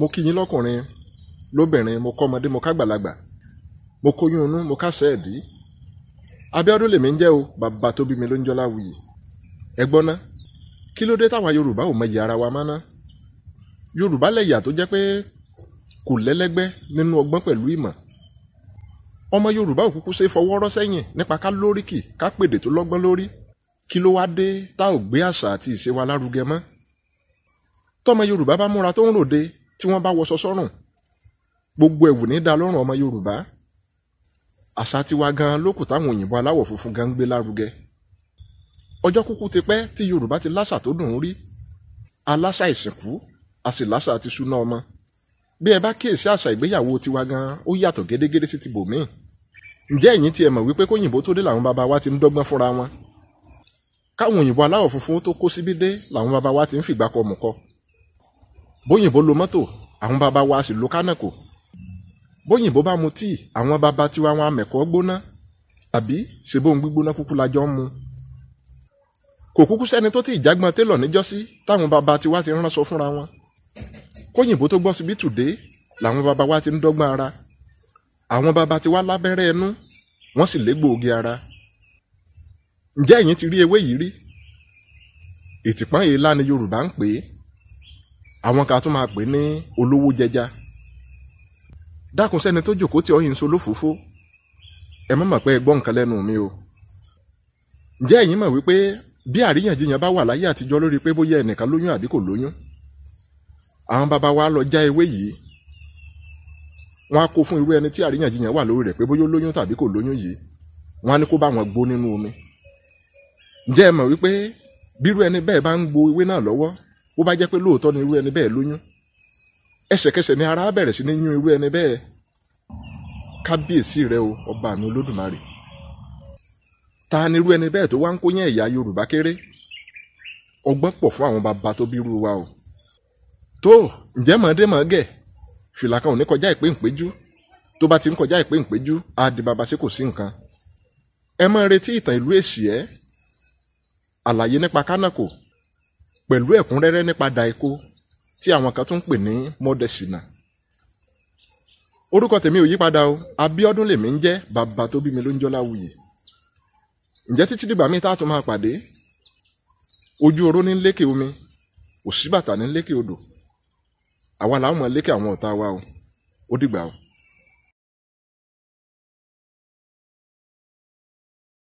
mo kí yín lọ́kùnrin lóbìnrin mo kọ́mọdé mo kágbàlagbà mo kóyún inú mo kásẹ̀ ẹ̀dí Abíọ́dún lèmi ń jẹ́ o bàbá tó mi ló ń jọlá wuyì ẹ gbọ́ ná kí ló dé táwa Yorùbá ò mọyì ara wa mọ́ná Yorùbá lẹ̀yà tó jẹ́ pé kò lẹ́lẹ́gbẹ́ nínú ọgbọ́n pẹ̀lú ìmọ̀ ọmọ Yorùbá ò kúkú ṣe fọwọ́rọ́ sẹ́yìn nípa ká lóríkì ká pèdè tó lọ́gbọ́n lórí kí ló wá dé tá ò gbé àṣà àti ìṣe wa lárugẹ mọ́ tọmọ Yorùbá bá múra tó ń ròde tí wọ́n bá wọṣọ sọ́rùn gbogbo ẹ̀wù ní dá lọ́rùn ọmọ Yorùbá àṣà tiwa gan lókù táwọn òyìnbó aláwọ̀ funfun gan ń gbé lárugẹ ọjọ́ kúkú ti pẹ́ tí Yorùbá ti láṣà tó dùn ún rí aláṣà ìsìnkú a sì láṣà ti súná ọmọ bí ẹ bá kíyèsí àṣà ìgbéyàwó tiwa gan ó yàtọ̀ gédégédé sí ti bòmíì ǹjẹ́ ẹ̀yin tiẹ̀ mọ̀ wípé kóyìnbó tó dé làwọn bàbá wa ti ń dọ́gbọ́n fúnra wọn káwọn òyìnbó aláwọ̀ funfun tó kó síbí dé làwọn bàbá wa ti ń fìgbà kọ mọ̀kọ́ bóyìnbó lo mọ́tò àwọn bàbá wa sì lo kánàkò bóyìnbó bá mu tíì àwọn bàbá tiwa wọn amẹ̀kọ́ gbóná tàbí ṣèbóhun gbígbóná kúkú lajọ́ ń mu kò kúkú sẹ́ni tó ti ìjágbọ́n télọ̀ níjọ́sí táwọn bàbá tiwa ti ránṣọ fúnra wọn kóyìnbó tó gbọ́ síbi tùdé làwọn bàbá wa ti ń dọ́gbọ́n ara àwọn bàbá tiwa lábẹ́rẹ́ ẹnu wọ́n sì légbòogi ara ǹjẹ́ ẹ̀yin ti rí ewé yìí rí ìtìpọ́n èélá ni Yorùbá ń pè é àwọn kan tún máa pè ní olówó jẹja dákun sẹ́ni tó jòkó tí ọyìn ń so lófòófó ẹ má mọ̀ pé ẹ gbọ́ nǹkan lẹ́nu mi o ǹjẹ́ ẹ̀yin mọ̀ wípé bí àríyànjiyàn bá wà láyé àtijọ́ lórí pé bóyá ẹnìkan lóyún àbí kò lóyún àwọn bàbá wa lọ já ewé yìí wọ́n á kó fún irú ẹni tí àríyànjiyàn wà lórí rẹ̀ pé bóyá ó lóyún tàbí kò lóyún yìí wọ́n á ní kó bá wọn gbó nínú omi ǹjẹ́ ẹ mọ̀ wípé bírú ẹni bẹ́ẹ̀ bá ń gbo ewé náà lọ́wọ́ bó bá jẹ́ pé lóòótọ́ ni irú ẹni bẹ́ẹ̀ lóyún ẹsẹ̀kẹsẹ̀ ni ara bẹ̀rẹ̀ sí ní yún irú ẹni bẹ́ẹ̀ kábíyèsí rẹ o ọba mi olódùmarè ta ni irú ẹni bẹ́ẹ̀ tó wá ń kó yẹn ẹ̀yà yorùbá kéré ọgbọ́n pọ̀ fún àwọn bàbá tó bí irú wa o tó ǹjẹ́ mọ̀ọ́dé mọ̀ọ́gẹ̀ fìlà kan ò ní kọjá ìpé ìpéjú tó bá ti ń kọjá ìpé ìpéjú á di bàbá sí kò sí nǹkan ẹ máa retí ìtàn ìlú èsì ẹ àlàyé nípa kánákò pẹ̀lú ẹ̀kúnrẹ́rẹ́ nípa Daiko tí àwọn kan tún ń pè ní Mọ́dẹ̀sínà orúkọ tèmi ò yípadà o Abíọ́dún lèmi ń jẹ́ bàbá tó bí mi ló ń jọ́ Láwùyè ǹjẹ́ títí dìgbà míì tá a tún máa pàdé ojú oró ní lékè omi òṣìbàtà ní lékè odò àwa làwọn mọ̀ lékè àwọn ọ̀tá wa o ó dìgbà o.